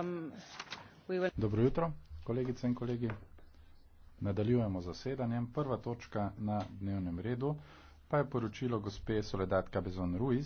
Um, dobro jutro kolegice in kolegi nadaljujemo z zasedanjem prva točka na dnevnem redu pa je poročilo gospe soledad cabezon ruiz